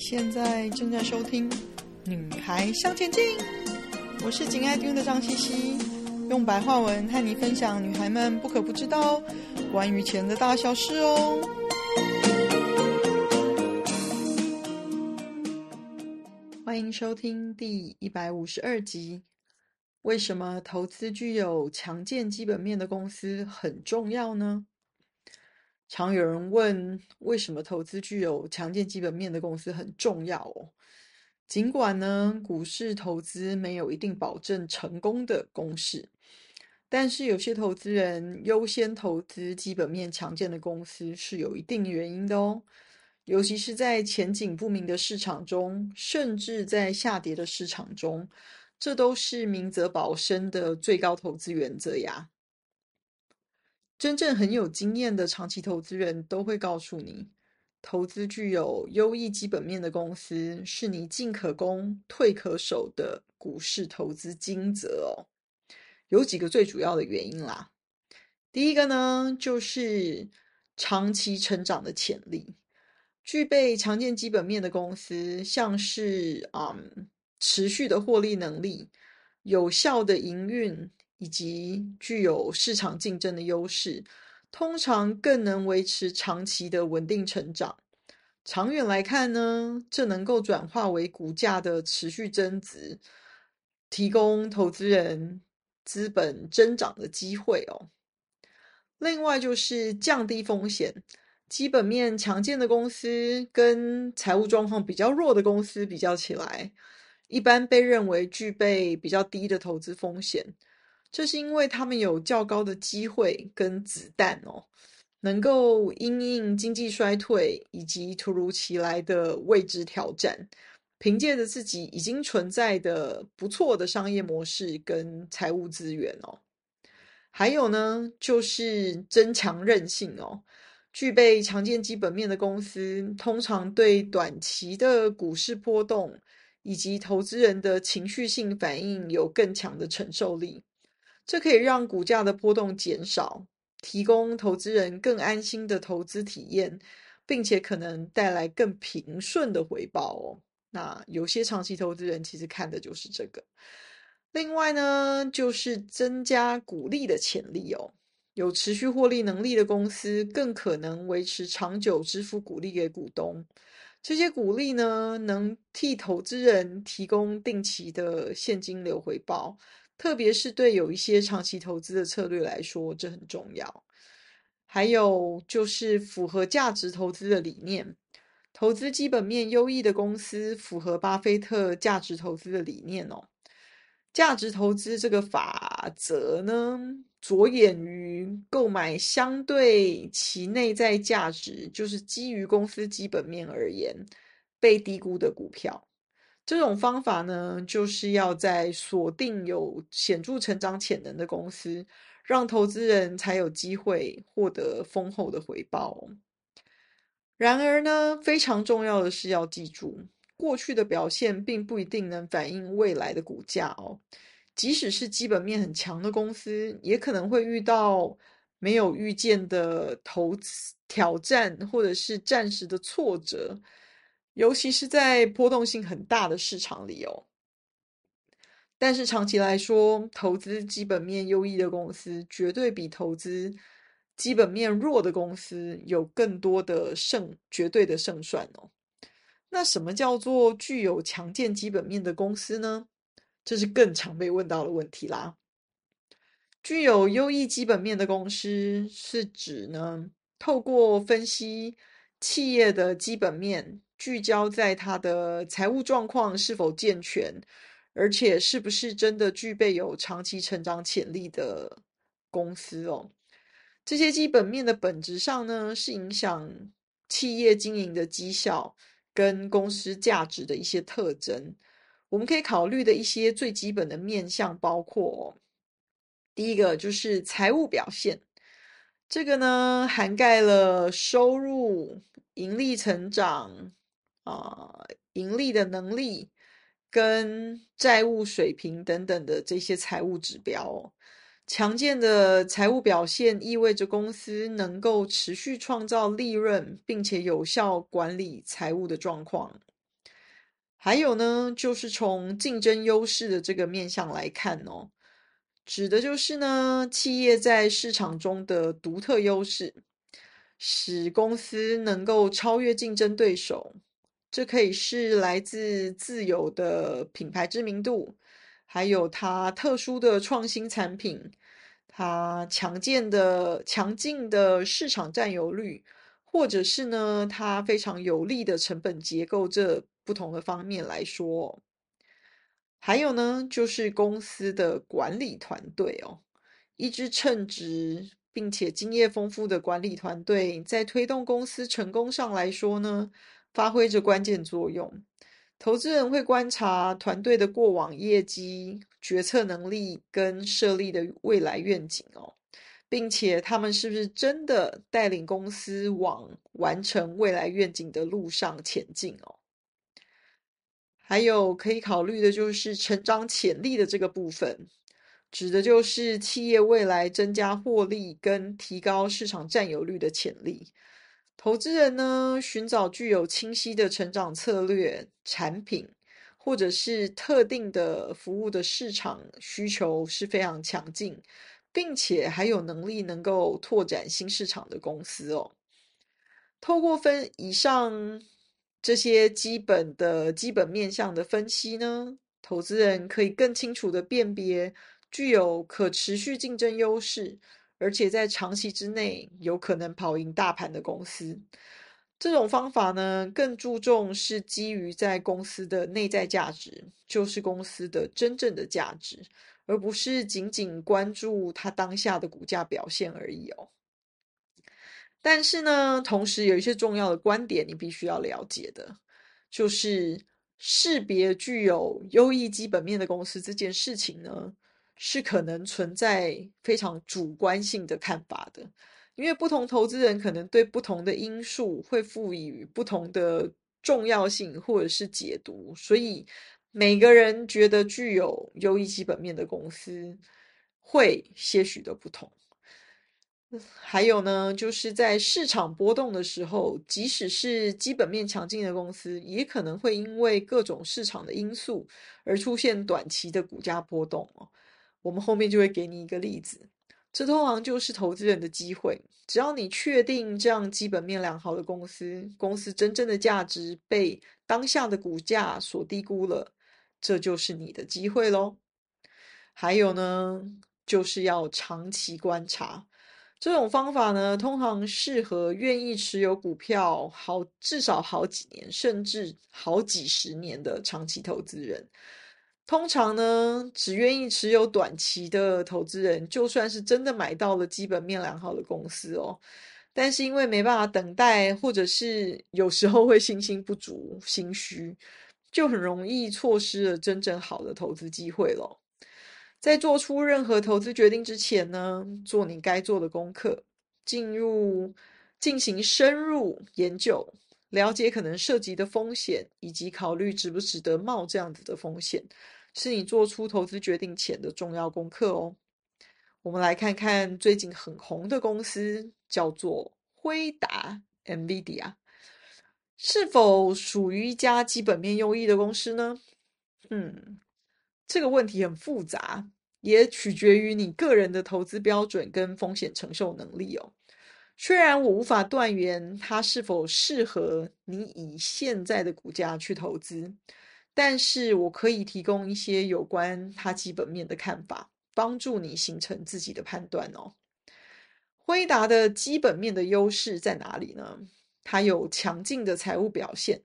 現在正在收聽《女孩向錢進》，我是錦愛聽的張茜茜，用白話文和你分享女孩們不可不知道關於錢的大小事哦。歡迎收聽第一百五十二集，為什麼投資具有強健基本面的公司很重要呢？常有人問，為什麼投資具有強健基本面的公司很重要？哦，儘管呢，股市投資沒有一定保證成功的公式，但是有些投資人優先投資基本面強健的公司是有一定原因的哦。尤其是在前景不明的市場中，甚至在下跌的市場中，這都是明哲保身的最高投資原則呀。真正很有經驗的長期投資人都會告訴你，投資具有優異基本面的公司是你進可攻，退可守的股市投資金則哦。有幾個最主要的原因啦。第一個呢，就是長期成長的潛力，具備強健基本面的公司，像是嗯持續的獲利能力，有效的營運。以及具有市場競爭的優勢，通常更能維持長期的穩定成長。長遠來看呢，這能夠轉化為股價的持續增值，提供投資人資本增長的機會哦。另外就是降低風險，基本面強健的公司跟財務狀況比較弱的公司比較起來，一般被認為具備比較低的投資風險。這是因為他們有較高的機會跟子彈哦，能夠因應經濟衰退以及突如其來的未知挑戰，憑借着自己已經存在的不錯的商業模式跟財務資源哦，還有呢，就是增強韌性哦。具備強健基本面的公司，通常對短期的股市波動以及投資人的情緒性反應有更強的承受力。這可以讓股價的波動減少，提供投資人更安心的投資體驗，並且可能帶來更平順的回報哦。那有些長期投資人其實看的就是這個。另外呢，就是增加股利的潛力哦。有持續獲利能力的公司更可能維持長久支付股利給股東。這些股利呢，能替投資人提供定期的現金流回報。特別是對有一些長期投資的策略來說，這很重要。還有就是符合價值投資的理念，投資基本面優異的公司，符合巴菲特價值投資的理念哦。價值投資這個法則呢，着眼於購買相對其內在價值，就是基於公司基本面而言，被低估的股票。這種方法呢，就是要在鎖定有顯著成長潛能的公司，讓投資人才有機會獲得豐厚的回報。然而呢，非常重要的是要記住，過去的表現並不一定能反映未來的股價哦。即使是基本面很強的公司，也可能會遇到沒有預見的投資挑戰，或者是暫時的挫折。尤其是在波動性很大的市場裡哦，但是長期來說，投資基本面優異的公司絕對比投資基本面弱的公司有更多的勝，絕對的勝算哦。那什麼叫做具有強健基本面的公司呢？這是更常被問到的問題啦。具有優異基本面的公司是指呢，透過分析企業的基本面。聚焦在他的財務狀況是否健全，而且是不是真的具備有長期成長潛力的公司哦。這些基本面的本質上呢，是影響企業經營的績效跟公司價值的一些特徵。我們可以考慮的一些最基本的面向，包括第一個就是財務表現，這個呢涵蓋了收入、盈利、成長。啊，盈利的能力跟債務水平等等的這些財務指標哦，強健的財務表現意味着公司能夠持續創造利潤，並且有效管理財務的狀況。還有呢，就是從競爭優勢的這個面向來看哦，指的就是呢，企業在市場中的獨特優勢，使公司能夠超越競爭對手。這可以是來自自有的品牌知名度，還有它特殊的創新產品，它強健的、強勁的市場佔有率，或者是呢，它非常有利的成本結構，這不同的方面來說。還有呢，就是公司的管理團隊哦，一支稱職並且經驗豐富的管理團隊，在推動公司成功上來說呢，發揮着關鍵作用。投資人會觀察團隊的過往業績、決策能力跟設立的未來願景哦，並且他們是不是真的帶領公司往完成未來願景的路上前進哦。還有可以考慮的就是成長潛力的這個部分，指的就是企業未來增加獲利跟提高市場佔有率的潛力。投資人呢，尋找具有清晰的成長策略、產品，或者是特定的服務的市場需求是非常強勁，並且還有能力能夠拓展新市場的公司哦。透過分以上這些基本的基本面向的分析呢，投資人可以更清楚地辨別具有可持續競爭優勢而且在長期之內有可能跑贏大盤的公司，這種方法呢，更注重是基於在公司的內在價值，就是公司的真正的價值，而不是僅僅關注它當下的股價表現而已哦。但是呢，同時有一些重要的觀點你必須要了解的，就是識別具有優異基本面的公司這件事情呢，是可能存在非常主觀性的看法的，因為不同投資人可能對不同的因素會賦予不同的重要性或者是解讀，所以每個人覺得具有優異基本面的公司會些許的不同。還有呢，就是在市場波動的時候，即使是基本面強勁的公司，也可能會因為各種市場的因素而出現短期的股價波動。我們後面就會給你一個例子，這通常就是投資人的機會。只要你確定這樣基本面良好的公司，公司真正的價值被當下的股價所低估了，這就是你的機會嘍。還有呢，就是要長期觀察。這種方法呢，通常適合願意持有股票好，至少好幾年，甚至好幾十年的長期投資人。通常呢，只願意持有短期的投資人，就算是真的買到了基本面良好的公司哦，但是因為沒辦法等待，或者是有時候會信心不足、心虛，就很容易錯失了真正好的投資機會咯。在做出任何投資決定之前呢，做你該做的功課，進入進行深入研究，了解可能涉及的風險，以及考慮值不值得冒這樣子的風險。是你做出投資決定前的重要功課哦。我們來看看最近很紅的公司，叫做輝達 （NVIDIA），是否屬於一家基本面優異的公司呢？嗯，這個問題很複雜，也取決於你個人的投資標準跟風險承受能力哦。雖然我無法斷言它是否適合你以現在的股價去投資。但是我可以提供一些有關它基本面的看法，幫助你形成自己的判斷哦。輝達的基本面的優勢在哪裡呢？它有強勁的財務表現，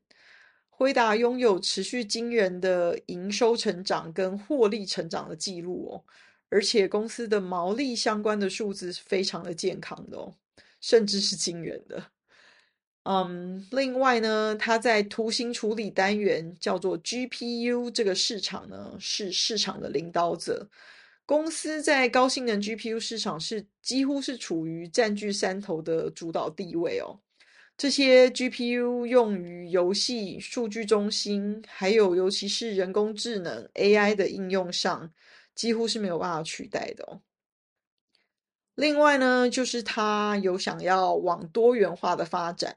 輝達擁有持續驚人的營收成長跟獲利成長的記錄哦，而且公司的毛利相關的數字是非常的健康的哦，甚至是驚人的。嗯，um，另外呢，它在圖形處理單元叫做 GPU 這個市場呢，是市場的領導者。公司在高性能 GPU 市場是幾乎是處於佔據山頭的主導地位哦。這些 GPU 用於遊戲、數據中心，還有尤其是人工智能 AI 的應用上，幾乎是沒有辦法取代的哦。另外呢，就是它有想要往多元化的發展。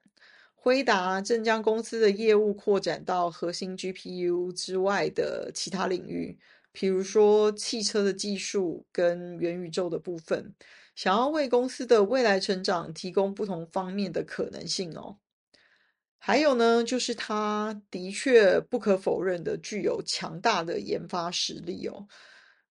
輝達正將公司的業務擴展到核心 GPU 之外的其他領域，譬如說汽車的技術跟元宇宙的部分，想要為公司的未來成長提供不同方面的可能性哦。還有呢，就是它的確不可否認的具有強大的研發實力哦。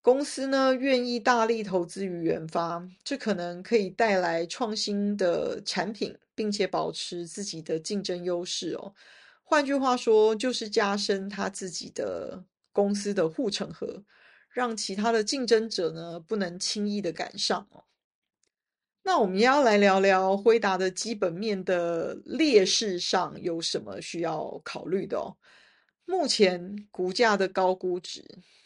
公司呢願意大力投資於研發，這可能可以帶來創新的產品，並且保持自己的競爭優勢哦。換句話說，就是加深他自己的公司的護城河，讓其他的競爭者呢不能輕易的趕上哦。那我們要來聊聊輝達的基本面的劣勢上有什麼需要考慮的哦。目前股價的高估值，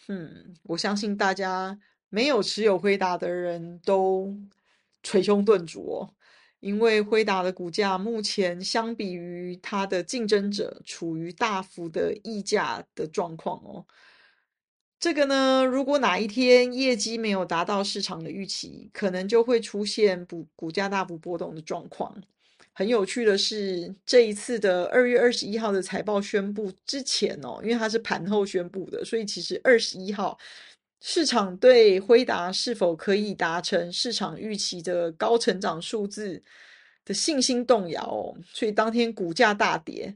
嗯，我相信大家沒有持有輝達的人都捶胸頓足哦，因為輝達的股價目前相比於它的競爭者，處於大幅的溢價的狀況哦。這個呢，如果哪一天業績沒有達到市場的預期，可能就會出現補股價大幅波動的狀況。很有趣的是，這一次的二月二十一號的財報宣布之前哦，因為它是盤後宣布的，所以其實二十一號市場對輝達是否可以達成市場預期的高成長數字的信心動搖，哦，所以當天股價大跌。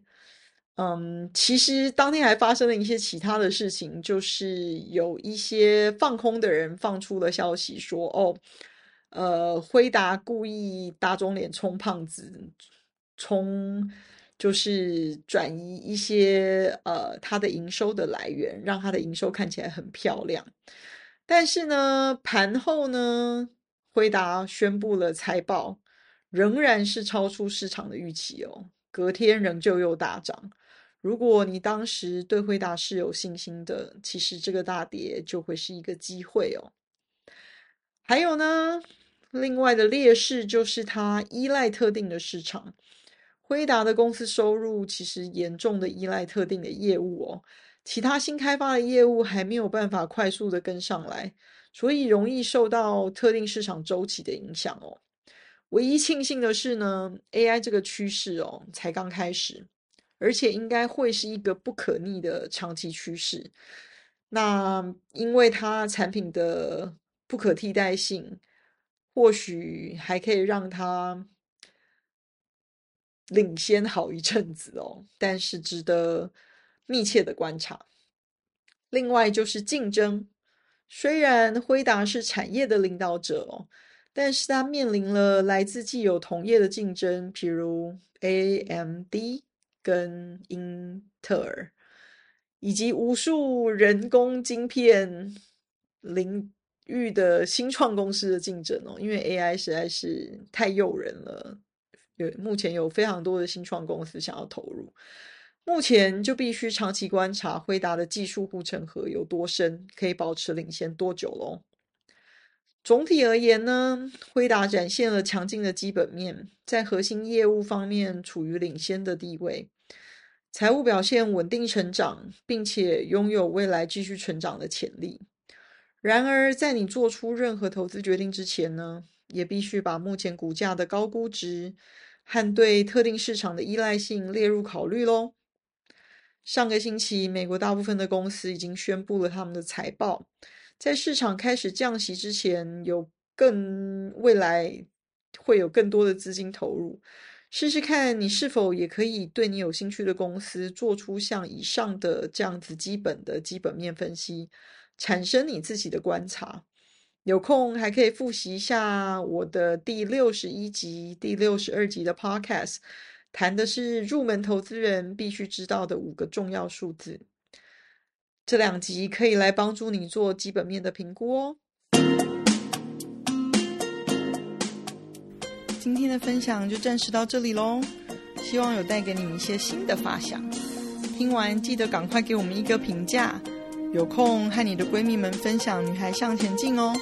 嗯，其實當天還發生了一些其他的事情，就是有一些放空的人放出了消息說，哦。呃，輝達故意打腫臉充胖子，充就是轉移一些呃它的營收的來源，讓它的營收看起來很漂亮。但是呢，盤後呢，輝達宣布了財報，仍然是超出市場的預期哦。隔天仍舊又大漲。如果你當時對輝達是有信心的，其實這個大跌就會是一個機會哦。還有呢，另外的劣勢就是它依賴特定的市場，輝達的公司收入其實嚴重的依賴特定的業務哦，其他新開發的業務還沒有辦法快速的跟上來，所以容易受到特定市場周期的影響哦。唯一慶幸的是呢，AI 這個趨勢哦才剛開始，而且應該會是一個不可逆的長期趨勢。那因為它產品的不可替代性。或許還可以讓它領先好一陣子哦，但是值得密切的觀察。另外就是競爭，雖然輝達是產業的領導者哦，但是它面臨了來自既有同業的競爭，譬如 AMD 跟英特爾，以及無數人工晶片零。域的新創公司的競爭哦，因為 AI 實在是太誘人了，有目前有非常多的新創公司想要投入。目前就必須長期觀察輝達的技術護城河有多深，可以保持領先多久咯。總體而言呢，輝達展現了強勁的基本面，在核心業務方面處於領先的地位，財務表現穩定成長，並且擁有未來繼續成長的潛力。然而，在你做出任何投資決定之前呢，也必須把目前股價的高估值和對特定市場的依賴性列入考慮嘍。上個星期，美國大部分的公司已經宣布了他們的財報，在市場開始降息之前，有更未來會有更多的資金投入。試試看你是否也可以對你有興趣的公司做出像以上的這樣子基本的基本面分析。產生你自己的觀察，有空還可以複習一下我的第六十一集、第六十二集的 Podcast，談的是入門投資人必須知道的五個重要數字。這兩集可以來幫助你做基本面的評估哦。今天的分享就暫時到這裡嘍，希望有帶給你一些新的發想。聽完記得趕快給我們一個評價。有空和你的閨蜜們分享《女孩向錢進》哦。